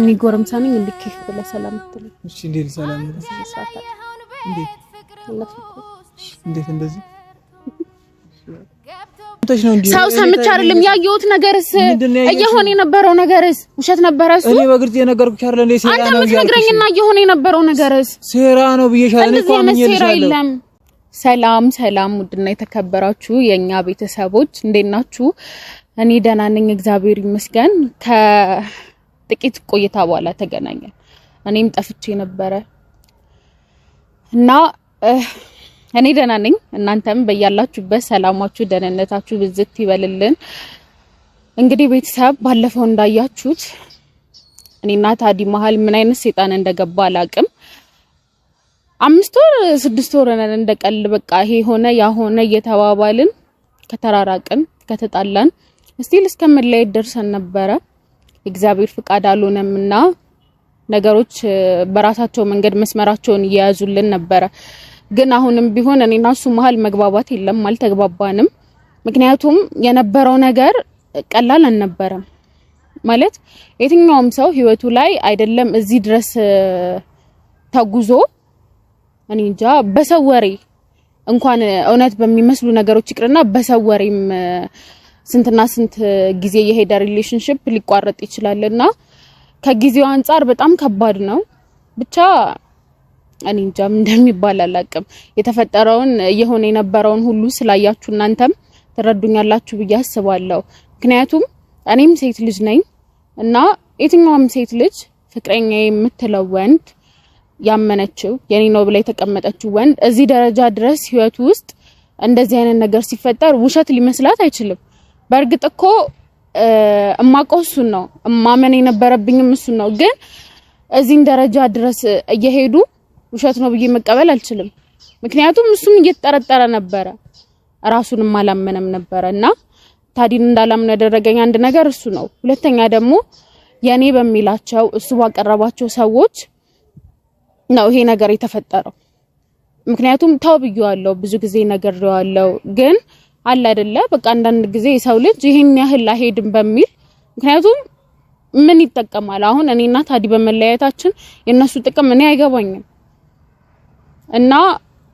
እኔ ጎረምሳ ነኝ። እንዴት ብለህ ሰላም ትል? እሺ፣ እንዴት ሰላም እንዴት እንደዚህ ሰው ሰምቼ አይደለም ያየሁት። ነገርስ እየሆነ የነበረው ነገርስ ውሸት ነበረ? እሱ እኔ በግልጽ የነገርኩሽ አይደለም ለይ ሴራ ነው የምትነግረኝና እየሆነ የነበረው ነገርስ ሴራ ነው ብዬሻለሁ እኮ ምን ይልሻለሁ። ሰላም ሰላም፣ ውድና የተከበራችሁ የኛ ቤተሰቦች እንዴት ናችሁ? እኔ ደህና ነኝ፣ እግዚአብሔር ይመስገን። ከ ጥቂት ቆይታ በኋላ ተገናኘን። እኔም ጠፍቼ ነበረ እና እኔ ደህና ነኝ። እናንተም በያላችሁበት ሰላማችሁ፣ ደህንነታችሁ ብዝት ይበልልን። እንግዲህ ቤተሰብ ባለፈው እንዳያችሁት እኔና ታዲ መሀል ምን አይነት ሴጣን እንደገባ አላቅም። አምስት ወር ስድስት ወር ነን እንደቀልድ በቃ ይሄ ሆነ ያ ሆነ እየተባባልን ከተራራቅን ከተጣላን እስከምን ላይ ደርሰን ነበረ። የእግዚአብሔር ፍቃድ አልሆነምና ነገሮች በራሳቸው መንገድ መስመራቸውን እየያዙልን ነበረ። ግን አሁንም ቢሆን እኔና እሱ መሀል መግባባት የለም፣ አልተግባባንም። ምክንያቱም የነበረው ነገር ቀላል አልነበረም። ማለት የትኛውም ሰው ህይወቱ ላይ አይደለም እዚህ ድረስ ተጉዞ እኔ እንጃ በሰው ወሬ እንኳን እውነት በሚመስሉ ነገሮች ይቅርና በሰው ወሬም ስንትና ስንት ጊዜ የሄደ ሪሌሽንሽፕ ሊቋረጥ ይችላልና ከጊዜው አንጻር በጣም ከባድ ነው። ብቻ እኔ እንጃ እንደሚባል አላቅም። የተፈጠረውን እየሆነ የነበረውን ሁሉ ስላያችሁ እናንተም ትረዱኛላችሁ ብዬ አስባለሁ። ምክንያቱም እኔም ሴት ልጅ ነኝ እና የትኛውም ሴት ልጅ ፍቅረኛ የምትለው ወንድ ያመነችው የኔ ነው ብላ የተቀመጠችው ወንድ እዚህ ደረጃ ድረስ ህይወቱ ውስጥ እንደዚህ አይነት ነገር ሲፈጠር ውሸት ሊመስላት አይችልም። በእርግጥ እኮ እማውቀው እሱን ነው እማመን የነበረብኝም እሱን ነው። ግን እዚህን ደረጃ ድረስ እየሄዱ ውሸት ነው ብዬ መቀበል አልችልም። ምክንያቱም እሱም እየተጠረጠረ ነበረ፣ ራሱንም አላመነም ነበረ እና ታዲን እንዳላምን ያደረገኝ አንድ ነገር እሱ ነው። ሁለተኛ ደግሞ የኔ በሚላቸው እሱ ባቀረባቸው ሰዎች ነው ይሄ ነገር የተፈጠረው። ምክንያቱም ታው ብዬዋለሁ፣ ብዙ ጊዜ ነገር ግን አለ አይደለ? በቃ አንዳንድ ጊዜ የሰው ልጅ ይሄን ያህል አሄድም በሚል ምክንያቱም ምን ይጠቀማል? አሁን እኔና ታዲ በመለያየታችን የነሱ ጥቅም እኔ አይገባኝም። እና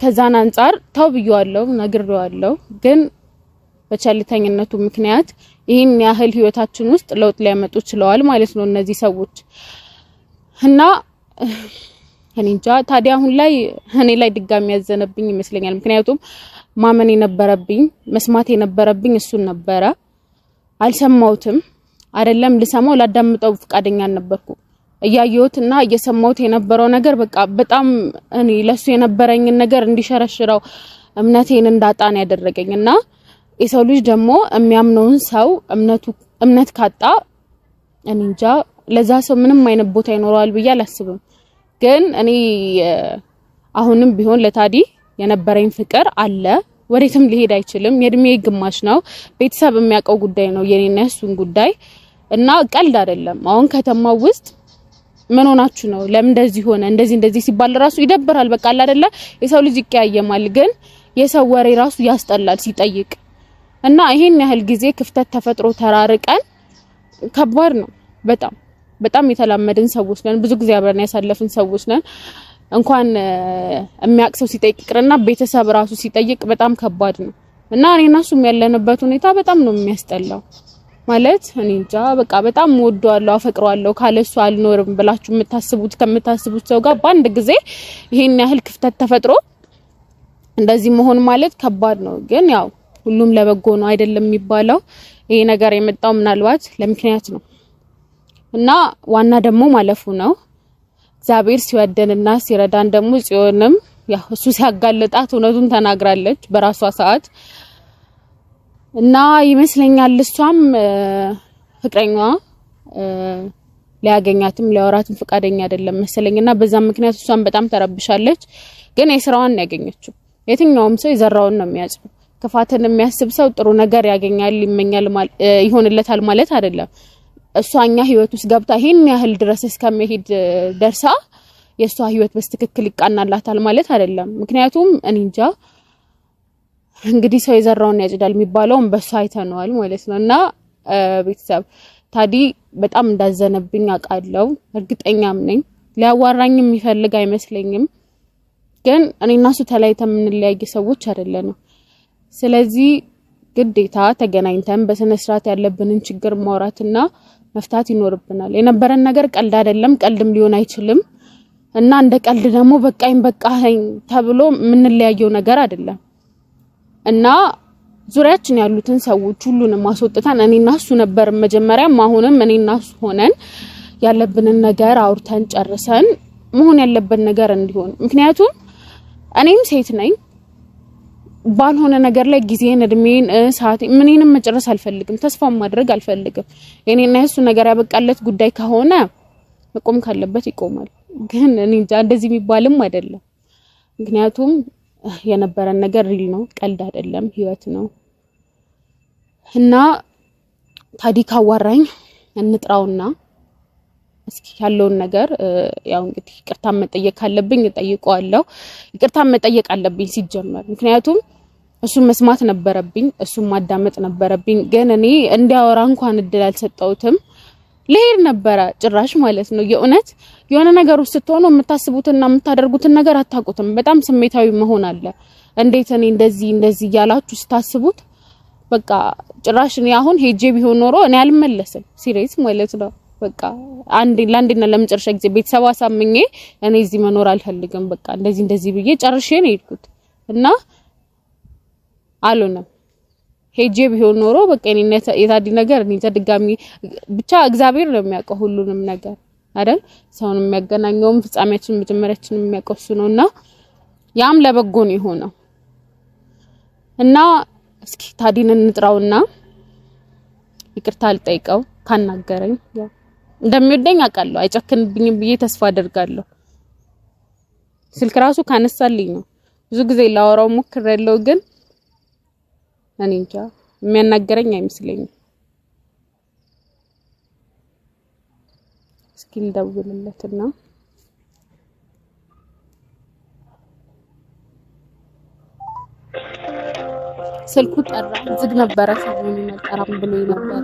ከዛን አንጻር ተው ብየዋለሁ፣ ነግሬዋለሁ። ግን በቸልተኝነቱ ምክንያት ይህን ያህል ህይወታችን ውስጥ ለውጥ ሊያመጡ ችለዋል ማለት ነው እነዚህ ሰዎች እና እኔ እንጃ ታዲያ አሁን ላይ እኔ ላይ ድጋሚ ያዘነብኝ ይመስለኛል ምክንያቱም ማመን የነበረብኝ መስማት የነበረብኝ እሱን ነበረ። አልሰማሁትም። አይደለም ልሰማው ላዳምጠው ፈቃደኛ አልነበርኩ። እና እየሰማሁት የነበረው ነገር በቃ በጣም እኔ ለሱ የነበረኝን ነገር እንዲሸረሽረው እምነቴን እንዳጣን ያደረገኝ እና የሰው ልጅ ደግሞ የሚያምነውን ሰው እምነቱ እምነት ካጣ እኔ እንጃ ለዛ ሰው ምንም አይነት ቦታ ይኖረዋል ብዬ አላስብም። ግን እኔ አሁንም ቢሆን ለታዲ የነበረኝ ፍቅር አለ። ወዴትም ሊሄድ አይችልም። የእድሜ ግማሽ ነው። ቤተሰብ የሚያውቀው ጉዳይ ነው የኔና የሱን ጉዳይ እና ቀልድ አይደለም። አሁን ከተማው ውስጥ ምን ሆናችሁ ነው? ለምን እንደዚህ ሆነ? እንደዚህ እንደዚህ ሲባል ራሱ ይደብራል። በቃ አለ አይደለ? የሰው ልጅ ይቀያየማል፣ ግን የሰው ወሬ ራሱ ያስጠላል ሲጠይቅ እና ይሄን ያህል ጊዜ ክፍተት ተፈጥሮ ተራርቀን ከባድ ነው። በጣም በጣም የተላመድን ሰዎች ነን። ብዙ ጊዜ አብረን ያሳለፍን ሰዎች ነን። እንኳን የሚያውቅ ሰው ሲጠይቅ ቅርና ቤተሰብ ራሱ ሲጠይቅ በጣም ከባድ ነው እና እኔ እና እሱም ያለንበት ሁኔታ በጣም ነው የሚያስጠላው። ማለት እኔ እንጃ በቃ በጣም ወደዋለሁ፣ አፈቅረዋለሁ ካለሱ አልኖርም ብላችሁ የምታስቡት ከምታስቡት ሰው ጋር በአንድ ጊዜ ይሄን ያህል ክፍተት ተፈጥሮ እንደዚህ መሆን ማለት ከባድ ነው። ግን ያው ሁሉም ለበጎ ነው አይደለም የሚባለው። ይሄ ነገር የመጣው ምናልባት ለምክንያት ነው እና ዋና ደግሞ ማለፉ ነው። እግዚአብሔር ሲወደንና ሲረዳን ደግሞ ጽዮንም ያው እሱ ሲያጋልጣት እውነቱን ተናግራለች በራሷ ሰዓት እና ይመስለኛል እሷም ፍቅረኛዋ ሊያገኛትም ሊያወራትም ፈቃደኛ አይደለም መሰለኝ እና በዛም ምክንያት እሷም በጣም ተረብሻለች። ግን የስራዋን ነው ያገኘችው። የትኛውም ሰው የዘራውን ነው የሚያጭው። ክፋትን የሚያስብ ሰው ጥሩ ነገር ያገኛል፣ ይመኛል፣ ይሆንለታል ማለት አይደለም። እሷ እኛ ህይወት ውስጥ ገብታ ይሄን ያህል ድረስ እስከመሄድ ደርሳ የእሷ ህይወት በስትክክል ይቃናላታል ማለት አይደለም። ምክንያቱም እኔ እንጃ እንግዲህ ሰው የዘራውን ያጭዳል የሚባለውን በእሷ አይተነዋል ማለት ነው። እና ቤተሰብ ታዲ በጣም እንዳዘነብኝ አውቃለሁ፣ እርግጠኛም ነኝ። ሊያዋራኝ የሚፈልግ አይመስለኝም። ግን እኔ እና እሱ ተለያይተን የምንለያየ ሰዎች አይደለንም። ስለዚህ ግዴታ ተገናኝተን በስነ ስርዓት ያለብንን ችግር ማውራትና መፍታት ይኖርብናል። የነበረን ነገር ቀልድ አይደለም፣ ቀልድም ሊሆን አይችልም እና እንደ ቀልድ ደግሞ በቃኝ በቃኝ ተብሎ የምንለያየው ነገር አይደለም እና ዙሪያችን ያሉትን ሰዎች ሁሉንም አስወጥተን እኔና እሱ ነበር መጀመሪያም አሁንም እኔና እሱ ሆነን ያለብንን ነገር አውርተን ጨርሰን መሆን ያለበት ነገር እንዲሆን ምክንያቱም እኔም ሴት ነኝ ባልሆነ ነገር ላይ ጊዜን፣ እድሜን፣ ሰዓት ምንንም መጨረስ አልፈልግም። ተስፋም ማድረግ አልፈልግም። የኔና የሱ ነገር ያበቃለት ጉዳይ ከሆነ መቆም ካለበት ይቆማል። ግን እኔ እንጃ እንደዚህ የሚባልም አይደለም። ምክንያቱም የነበረን ነገር ሪል ነው፣ ቀልድ አይደለም፣ ህይወት ነው እና ታዲ ካዋራኝ እንጥራውና እስኪ ያለውን ነገር ያው እንግዲህ ይቅርታ መጠየቅ ካለብኝ እጠይቀዋለሁ። ይቅርታ መጠየቅ አለብኝ ሲጀመር፣ ምክንያቱም እሱን መስማት ነበረብኝ፣ እሱን ማዳመጥ ነበረብኝ። ግን እኔ እንዲያወራ እንኳን እድል አልሰጠውትም ልሄድ ነበረ ጭራሽ ማለት ነው። የእውነት የሆነ ነገር ውስጥ ስትሆኑ የምታስቡትና የምታደርጉትን ነገር አታውቁትም። በጣም ስሜታዊ መሆን አለ። እንዴት እኔ እንደዚህ እንደዚህ እያላችሁ ስታስቡት በቃ ጭራሽ እኔ አሁን ሄጄ ቢሆን ኖሮ እኔ አልመለስም። ሲሪየስ ማለት ነው። በቃ አንድ ለአንዴና ለመጨረሻ ጊዜ ቤተሰብ አሳምኜ እኔ እዚህ መኖር አልፈልግም፣ በቃ እንደዚህ እንደዚህ ብዬ ጨርሼ ነው የሄድኩት እና አልሆነም። ሄጄ ቢሆን ኖሮ በቃ እኔ የታዲ ነገር እኔ ድጋሚ ብቻ እግዚአብሔር ነው የሚያውቀው ሁሉንም ነገር አይደል? ሰውን የሚያገናኘውም ፍጻሜያችን መጀመሪያችን የሚያውቀው እሱ ነውና ያም ለበጎ ነው የሆነው እና እስኪ ታዲን እንጥራውና ይቅርታ አልጠይቀው ካናገረኝ ያው እንደሚወደኝ አውቃለሁ። አይጨክንብኝም ብዬ ተስፋ አደርጋለሁ። ስልክ ራሱ ካነሳልኝ ነው። ብዙ ጊዜ ላወራው ሞክሬያለሁ፣ ግን እኔ እንጃ የሚያናገረኝ አይመስለኝም። እስኪ ልደውልለትና ስልኩ ጠራ። ዝግ ነበረ። ሰው ይመጣራም ብሎ ነበረ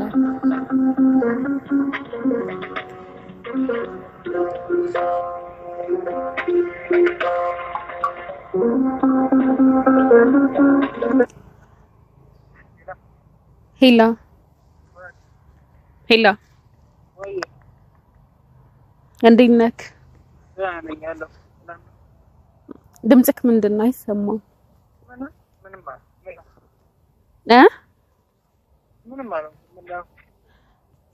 ሄላ ሄላ፣ እንዴት ነህ? ድምፅክ ምንድን ነው አይሰማም?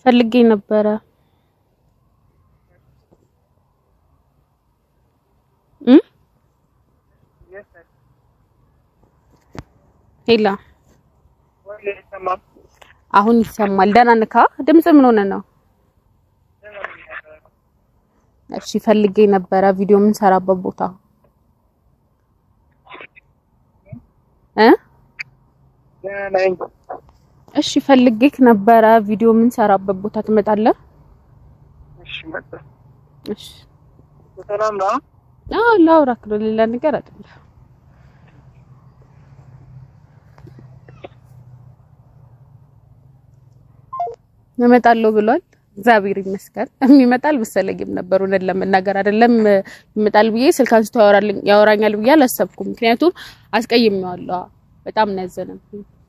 ፈልጌ ነበረ ሄላ አሁን ይሰማል። ደህና ነካ? ድምጽ ምን ሆነ ነው? እሺ ፈልጌ ነበረ ቪዲዮ የምንሰራበት ቦታ እ እሺ ፈልጌክ ነበረ ቪዲዮ የምንሰራበት ቦታ ትመጣለህ? እሺ መጣ። እሺ ላውራክ ነው ሌላ ነገር አይደለም። እመጣለሁ ብሏል። እግዚአብሔር ይመስገን የሚመጣል መሰለኝም ነበር። እውነት ለመናገር አይደለም ይመጣል ብዬ ስልክ አንስቶ ያወራኛል ብዬ አላሰብኩም። ምክንያቱም አስቀይሜዋለሁ። በጣም ነው ያዘነም።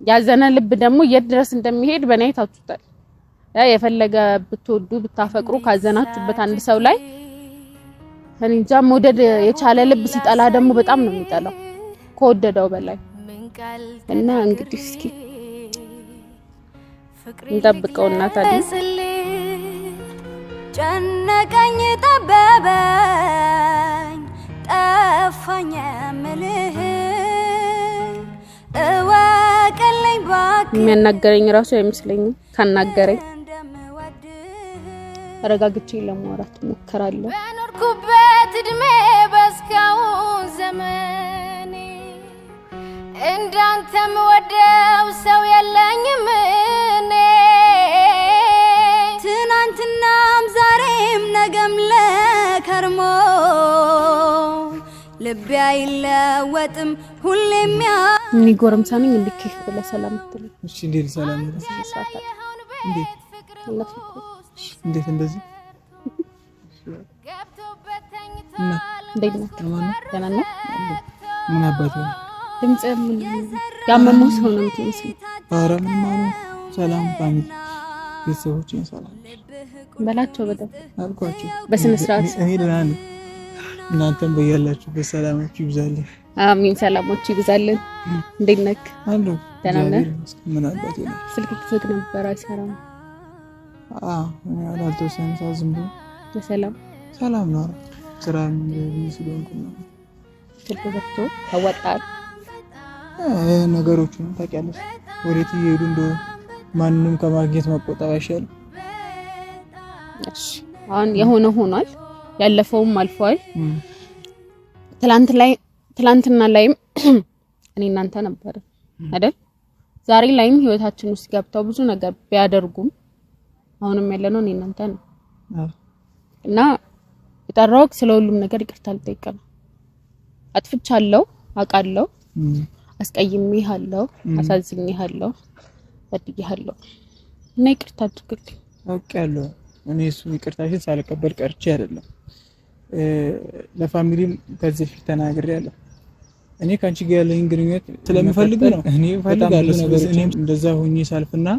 ያዘነ ልብ ደግሞ የት ድረስ እንደሚሄድ በእኔ አይታችሁታል። የፈለገ ብትወዱ ብታፈቅሩ ካዘናችሁበት አንድ ሰው ላይ እንጃ መውደድ የቻለ ልብ ሲጠላ ደግሞ በጣም ነው የሚጠላው ከወደደው በላይ እና እንግዲህ እስኪ እንጠብቀውና ታዲያ ጨነቀኝ፣ ጠበበኝ፣ ጠፋኝ የምልህ እወቅልኝ እባክህ። የሚያናገረኝ ራሱ አይመስለኝም። ካናገረኝ ተረጋግቼ ለማውራት እሞክራለሁ። በኖርኩበት እድሜ በስካሁን ዘመኔ እንዳንተም ወደው ሰው አይለወጥም ሁሌም ያ እኔ ጎረምሳ ነኝ። እንዴት ብለህ ሰላም ትል? እሺ እንዴት ሰላም እንዴት እንደዚህ ምን አባት ሰው ነው ሰላም ፋሚሊ ሰላም በላቸው። በጣም አልኳቸው በስነ ስርዓት እኔ ደህና ነኝ። እናንተም በያላችሁበት ሰላማችሁ ይብዛልን። አሚን። ሰላማችሁ ይብዛልን። እንዴት ነህ? አሉ ምን ስልክ ነበር አይሰራም። ሰዓት ዝም ብሎ በሰላም ሰላም ነው። ስራ ስለሆንኩ ስልክ ዘግቶ ታውቂያለሽ፣ ወዴት እየሄዱ ማንም ከማግኘት መቆጠብ አይሻልም? አሁን የሆነ ሆኗል። ያለፈውም አልፏል። ትላንት ላይ ትላንትና ላይም እኔ እናንተ ነበር አይደል? ዛሬ ላይም ህይወታችን ውስጥ ገብተው ብዙ ነገር ቢያደርጉም አሁንም ያለነው እኔ እናንተ ነው እና የጠራሁት ስለ ሁሉም ነገር ይቅርታ ልጠይቅ ነው። አጥፍቻለሁ፣ አውቃለሁ፣ አስቀይሜሃለሁ፣ አሳዝኜሃለሁ፣ በድዬሃለሁ እና ይቅርታ አድርግልኝ። አውቄያለሁ እኔ እሱ ይቅርታሽን ሳልቀበል ቀርቼ አይደለም ለፋሚሊም ከዚህ ፊት ተናግሬ ያለሁ እኔ ከአንቺ ጋር ያለኝ ግንኙነት ስለምፈልግ ነው። እኔ ፈልጋለሁ ነገሮች እንደዛ ሆኜ ሳልፍና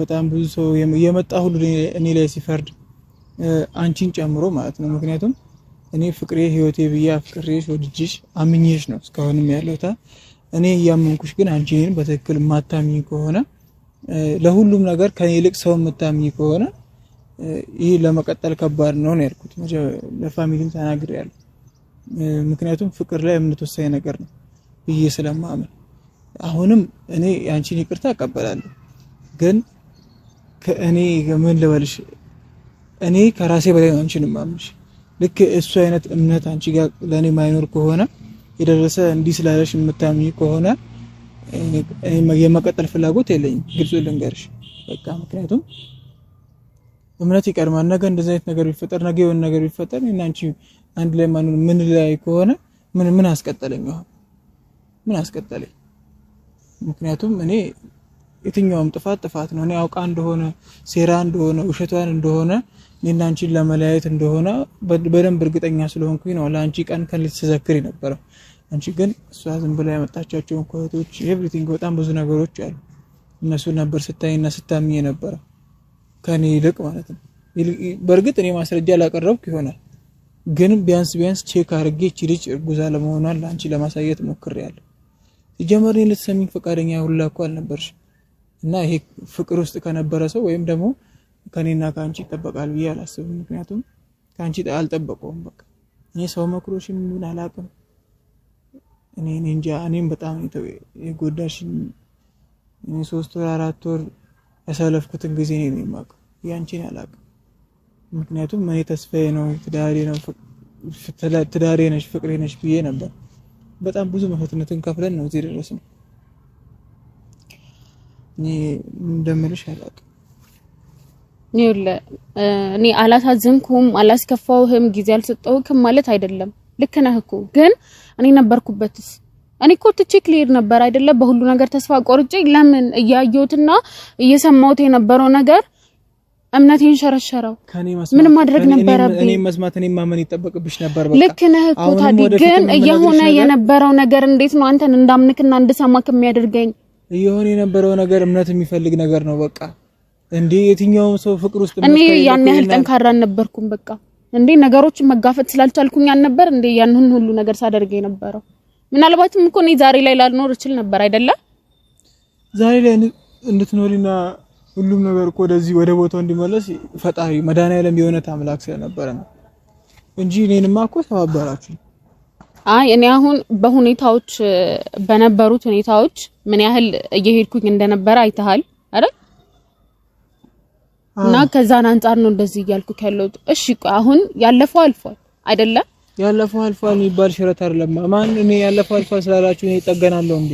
በጣም ብዙ ሰው የመጣ ሁሉ እኔ ላይ ሲፈርድ አንቺን ጨምሮ ማለት ነው። ምክንያቱም እኔ ፍቅሬ ህይወቴ ብዬ አፍቅሬሽ ወድጄሽ አምኜሽ ነው እስካሁንም ያለውታ። እኔ እያመንኩሽ ግን አንቺን እኔን በትክክል የማታምኝ ከሆነ ለሁሉም ነገር ከኔ ይልቅ ሰው የምታምኝ ከሆነ ይህ ለመቀጠል ከባድ ነው ነው ያልኩት። ለፋሚሊም ተናግሬ ያልኩት ምክንያቱም ፍቅር ላይ እምነት ወሳኝ ነገር ነው ብዬ ስለማምን አሁንም እኔ የአንቺን ይቅርታ እቀበላለሁ፣ ግን ከእኔ ምን ልበልሽ፣ እኔ ከራሴ በላይ ነው አንቺን የማምንሽ። ልክ እሱ አይነት እምነት አንቺ ጋር ለእኔ ማይኖር ከሆነ የደረሰ እንዲህ ስላለሽ የምታምኝ ከሆነ የመቀጠል ፍላጎት የለኝም። ግልጹ ልንገርሽ በቃ ምክንያቱም እምነት ይቀድማል። ነገ እንደዚህ አይነት ነገር ቢፈጠር ነገ የሆነ ነገር ቢፈጠር እና አንቺ አንድ ላይ ምን ላይ ከሆነ ምን ምን አስቀጠለኝ ይሆን ምን አስቀጠለኝ? ምክንያቱም እኔ የትኛውም ጥፋት ጥፋት ነው። እኔ አውቃ እንደሆነ ሴራ እንደሆነ ውሸቷን እንደሆነ እኔና አንቺን ለመለያየት እንደሆነ በደንብ እርግጠኛ ስለሆንኩኝ ነው ለአንቺ ቀን ቀን ልትዘክር የነበረው። አንቺ ግን እሷ ዝም ብላ ያመጣቻቸውን ኮቶች ኤቭሪቲንግ፣ በጣም ብዙ ነገሮች አሉ። እነሱ ነበር ስታይና ስታምኝ የነበረው ከኔ ይልቅ ማለት ነው። በእርግጥ እኔ ማስረጃ ላቀረብኩ ይሆናል፣ ግን ቢያንስ ቢያንስ ቼክ አድርጌ እቺ ልጅ እርጉዛ ለመሆኗን ለአንቺ ለማሳየት ሞክሬያለሁ። ሲጀመር እኔ ልትሰሚኝ ፈቃደኛ ሁላ እኮ አልነበርሽ እና ይሄ ፍቅር ውስጥ ከነበረ ሰው ወይም ደግሞ ከኔና ከአንቺ ይጠበቃል ብዬ አላስብም። ምክንያቱም ከአንቺ አልጠበቀውም። በቃ እኔ ሰው መክሮሽ ምን አላውቅም። እኔ እንጃ እኔም በጣም የጎዳሽኝ ሶስት ወር አራት ወር ያሳለፍኩትን ጊዜ ነው የማውቀው፣ ያንቺን አላውቅም። ምክንያቱም እኔ ተስፋዬ ነው ትዳሬ ነው ትዳሬ ነሽ ፍቅሬ ነሽ ብዬ ነበር። በጣም ብዙ መስዋዕትነትን ከፍለን ነው እዚህ ደረስን። እኔ እንደምልሽ አላውቅም። ይኸውልህ እኔ አላሳዝንኩም፣ አላስከፋውህም፣ ጊዜ አልሰጠውክም ማለት አይደለም። ልክ ነህ እኮ ግን እኔ ነበርኩበትስ እኔ እኮ ትቼክ ልሄድ ነበር አይደለ? በሁሉ ነገር ተስፋ ቆርጬ ለምን እያየሁትና እየሰማሁት የነበረው ነገር እምነቴን ሸረሸረው። ምን ማድረግ ነበረብኝ? እኔ መስማት እኔ ማመን ይጠበቅብሽ ነበር። በቃ ልክ ነህ እኮ ታዲያ። ግን እየሆነ የነበረው ነገር እንዴት ነው አንተን እንዳምንክና እንድሰማክ የሚያደርገኝ? እየሆነ የነበረው ነገር እምነት የሚፈልግ ነገር ነው። በቃ እንዴ የትኛውም ሰው ፍቅር ውስጥ እኔ ያን ያህል ጠንካራ አልነበርኩም። በቃ እንዴ ነገሮችን መጋፈጥ ስላልቻልኩኝ አልነበር እንዴ ያንን ሁሉ ነገር ሳደርገ የነበረው ምናልባትም እኮ እኔ ዛሬ ላይ ላልኖር እችል ነበር አይደለም። ዛሬ ላይ እንድትኖሪና ሁሉም ነገር እኮ ወደዚህ ወደ ቦታው እንዲመለስ ፈጣሪ መድኃኒዓለም የእውነት አምላክ ስለነበረ ነው እንጂ እኔንማ እኮ ተባበራችሁ። አይ እኔ አሁን በሁኔታዎች በነበሩት ሁኔታዎች ምን ያህል እየሄድኩኝ እንደነበረ አይተሃል አይደል? እና ከዛን አንጻር ነው እንደዚህ እያልኩ ያለሁት። እሺ አሁን ያለፈው አልፏል አይደለም ያለፈው አልፏል የሚባል ሽረት አይደለም። ማን እኔ ያለፈው አልፏል ስላላችሁ እኔ እጠገናለሁ እንዴ?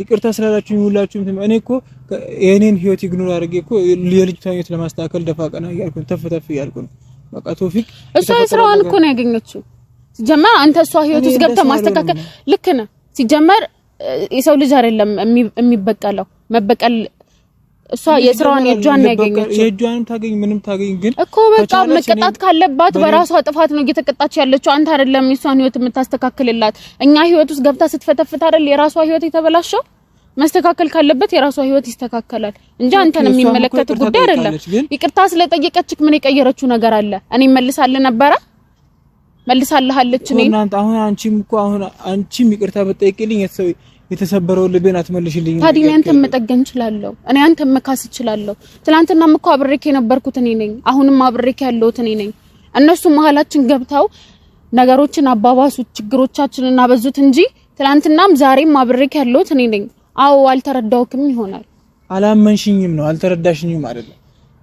ይቅርታ ስላላችሁ ሁላችሁም። እኔ እኮ የኔን ህይወት ይግኑር አድርጌ እኮ የልጅቷን ህይወት ለማስተካከል ደፋ ቀና እያልኩ ነው፣ ተፍ ተፍ እያልኩ ነው። በቃ ቶፊቅ እሷ ስራዋን እኮ ነው ያገኘችው። ሲጀመር አንተ እሷ ህይወት ውስጥ ገብተህ ማስተካከል ልክ ነህ። ሲጀመር የሰው ልጅ አይደለም የሚበቀለው መበቀል እሷ የስራዋን የእጇን ያገኘች የእጇንም ታገኝ ምንም ታገኝ። ግን እኮ በቃ መቀጣት ካለባት በራሷ ጥፋት ነው እየተቀጣች ያለችው። አንተ አይደለም የእሷን ህይወት የምታስተካክልላት። እኛ ህይወት ውስጥ ገብታ ስትፈተፍት አይደል የራሷ ህይወት የተበላሸው። መስተካከል ካለበት የራሷ ህይወት ይስተካከላል እንጂ አንተን የሚመለከት ጉዳይ አይደለም። ይቅርታ ስለጠየቀችክ ምን የቀየረችው ነገር አለ? እኔ መልሳለ ነበረ መልሳለሁ አለች። እኔ አሁን አንቺም እኮ አሁን አንቺም ይቅርታ ብትጠይቂልኝ የተሰበረው ልቤን አትመልሽልኝ። ታዲያ አንተ መጠገን እችላለሁ፣ እኔ አንተ መካስ እችላለሁ። ትናንትናም እኮ አብሬክ የነበርኩት እኔ ነኝ፣ አሁንም አብሬክ ያለሁት እኔ ነኝ። እነሱ መሀላችን ገብተው ነገሮችን አባባሱት፣ ችግሮቻችንን አበዙት እንጂ ትናንትናም ዛሬም አብሬክ ያለሁት እኔ ነኝ። አዎ አልተረዳውክም ይሆናል፣ አላመንሽኝም ነው፣ አልተረዳሽኝም አይደለም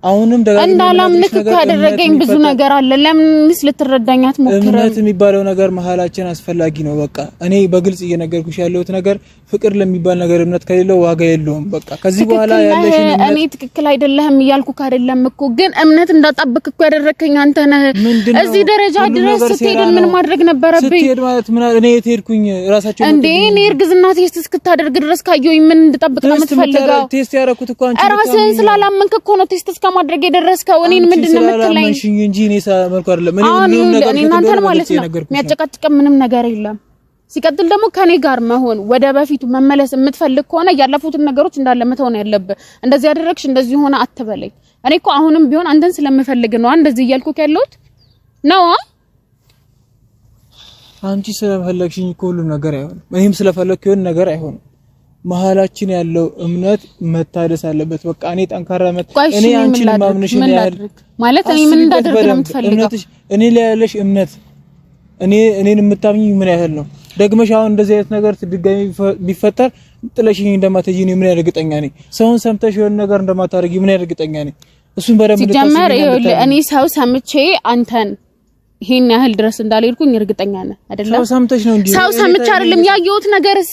አሁንም ደጋግሞ እንዳላምንክ ካደረገኝ ብዙ ነገር አለ። ለምንስ ልትረዳኛት ሞክረ። እምነት የሚባለው ነገር መሀላችን አስፈላጊ ነው። በቃ እኔ በግልጽ እየነገርኩሽ ያለሁት ነገር ፍቅር ለሚባል ነገር እምነት ከሌለው ዋጋ የለውም። በቃ ከዚህ በኋላ ያለሽ እኔ ትክክል አይደለህም እያልኩ አይደለም እኮ ግን እምነት እንዳጣብቅ እኮ ያደረከኝ አንተ ነህ። እዚህ ደረጃ ድረስ ስትሄድ ምን ማድረግ ነበረብኝ? ስትሄድ ማለት ምን እኔ የት ሄድኩኝ? ራሳቸው እንዴ እኔ እርግዝና ቴስት እስክታደርግ ድረስ ካየሁኝ ምን እንድጠብቅ ነው የምትፈልገው? ቴስት ያደረኩት እኮ አንቺ ራስህን ስላላመንክ እኮ ነው ቴስት እስከማድረግ የደረስከው። እኔን ምንድን ነው የምትለኝ? እኔ እናንተን ማለት ነው የሚያጨቃጭቅ ምንም ነገር የለም። ሲቀጥል ደግሞ ከኔ ጋር መሆን ወደ በፊቱ መመለስ የምትፈልግ ከሆነ ያለፉትን ነገሮች እንዳለ መተው ነው ያለብህ። እንደዚህ ያደረግሽ እንደዚህ ሆነ አትበለኝ። እኔ እኮ አሁንም ቢሆን አንተን ስለምፈልግ ነው እንደዚህ እያልኩህ ያለሁት ነው። አንቺ ስለፈለግሽኝ እኮ ሁሉም ነገር አይሆንም፣ እኔም ስለፈለግኩ ይሁን ነገር አይሆንም። መሀላችን ያለው እምነት መታደስ አለበት። በቃ እኔ ጠንካራ እምነት እኔ አንቺ ማምንሽ ምን ያህል ማለት እኔ ምን እንዳደርግ ነው የምትፈልገው? እኔ ላይ ያለሽ እምነት እኔ እኔን የምታምኚኝ ምን ያህል ነው? ደግመሽ አሁን እንደዚህ አይነት ነገር ድጋሚ ቢፈጠር ጥለሽኝ እንደማትሄጂ ምን ያህል እርግጠኛ ነኝ። ሰውን ሰምተሽ የሆነ ነገር እንደማታደርጊ ምን ያህል እርግጠኛ ነኝ። እሱን በደምብ ሲጀመር እኔ ሰው ሰምቼ አንተን ይሄን ያህል ድረስ እንዳልሄድኩኝ እርግጠኛ ነህ አይደለ? ሰው ሰምተሽ ነው እንዴ? ሰው ሰምቼ አይደለም ያየሁት። ነገርስ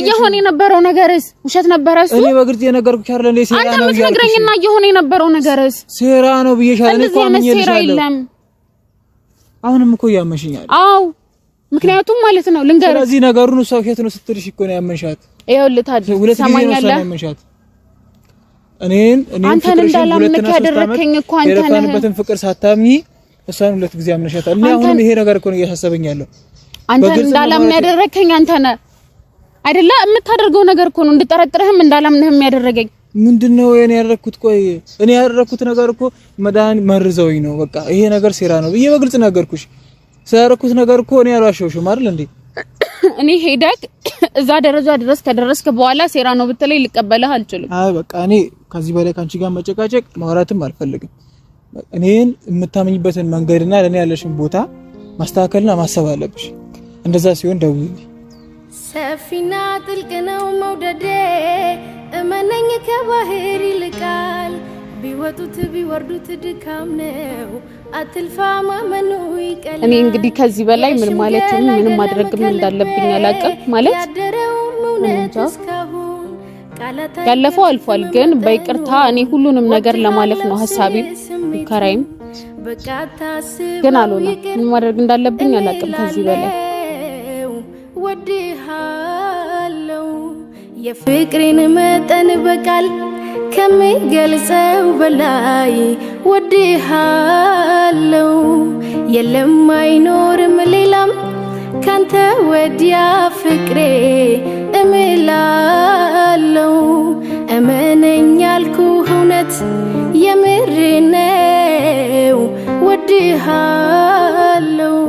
እየሆነ የነበረው ነገርስ ውሸት ነበረ እሱ። እኔ በግልጽ የነገርኩሽ አይደለ? እኔ ሴራ ነው አንተ ምትነግረኝና እየሆነ የነበረው ነገርስ ሴራ ነው ብዬሽ አይደል? እኮ ምን ሴራ የለም። አሁንም እኮ እያመሽኛል። አዎ ምክንያቱም ማለት ነው ልንገር። ስለዚህ ነገሩን ሰው ሸት ነው ስትልሽ እኮ ነው ያመንሻት። ይኸውልህ ታዲያ ትሰማኛለህ። እኔን አንተን እንዳላምንክ ያደረከኝ እኮ አንተ ነህ። የረካንበትን ፍቅር ሳታምኚ እሷን ሁለት ጊዜ አምነሻታል። እኔ አሁንም ይሄ ነገር እኮ ነው እያሳሰበኝ ያለው። አንተን እንዳላምን ያደረከኝ አንተ ነህ አይደለ? የምታደርገው ነገር እኮ ነው እንድጠረጥርህም እንዳላምንህም ያደረገኝ ምንድነው እኔ ያደረኩት? ቆይ እኔ ያደረኩት ነገር እኮ መድኃኒት መርዘውኝ ነው። በቃ ይሄ ነገር ሴራ ነው ብዬ በግልጽ ነገርኩሽ። ሳያረኩት ነገር እኮ እኔ አላሸውሽም አይደል እንዴ? እኔ ሄደክ እዛ ደረጃ ድረስ ከደረስክ በኋላ ሴራ ነው ብትለይ ልቀበልህ አልችልም። አይ በቃ እኔ ከዚህ በላይ ካንቺ ጋር መጨቃጨቅ ማውራትም አልፈልግም። እኔን የምታመኝበትን መንገድና ለእኔ ያለሽን ቦታ ማስተካከልና ማሰብ አለብሽ። እንደዛ ሲሆን ደውዪልኝ። ሰፊና ጥልቅ ነው መውደዴ፣ እመነኝ ከባህር ይልቃል። ቢወጡት ቢወርዱት ድካም ነው እኔ እንግዲህ ከዚህ በላይ ምን ማለት ማለትም ምንም ማድረግም እንዳለብኝ አላውቅም። ማለት ያለፈው አልፏል፣ ግን በይቅርታ እኔ ሁሉንም ነገር ለማለፍ ነው ሀሳቤም ሙከራዬም። ግን አልሆነ። ምን ማድረግ እንዳለብኝ አላውቅም ከዚህ በላይ ወድሃለው የፍቅሬን መጠን በቃል ከሚገልጸው በላይ ወድሃለው። የለም አይኖርም ሌላም ካንተ ወዲያ ፍቅሬ እምላለው። እመነኝ ያልኩህ እውነት የምር ነው። ወድሃለው